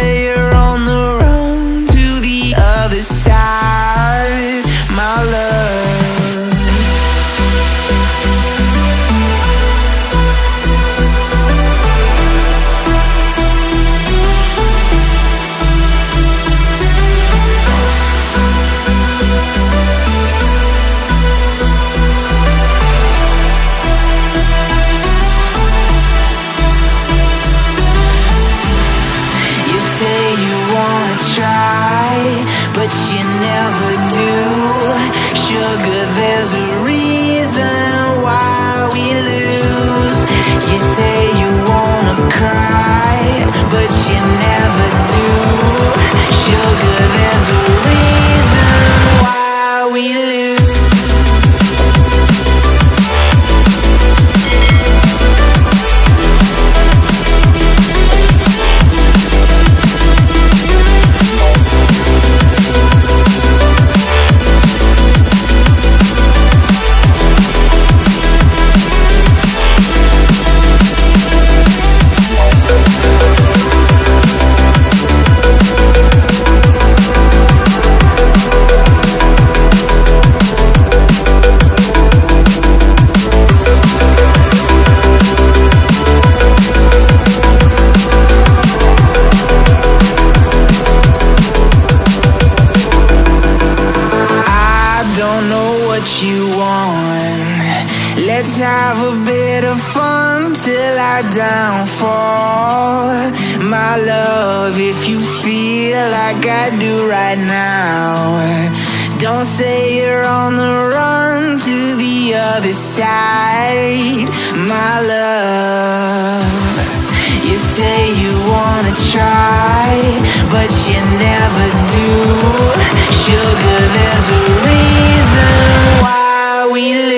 say you're on the you never Let's have a bit of fun till I downfall My love, if you feel like I do right now Don't say you're on the run to the other side My love You say you wanna try But you never do Sugar, there's a reason why we live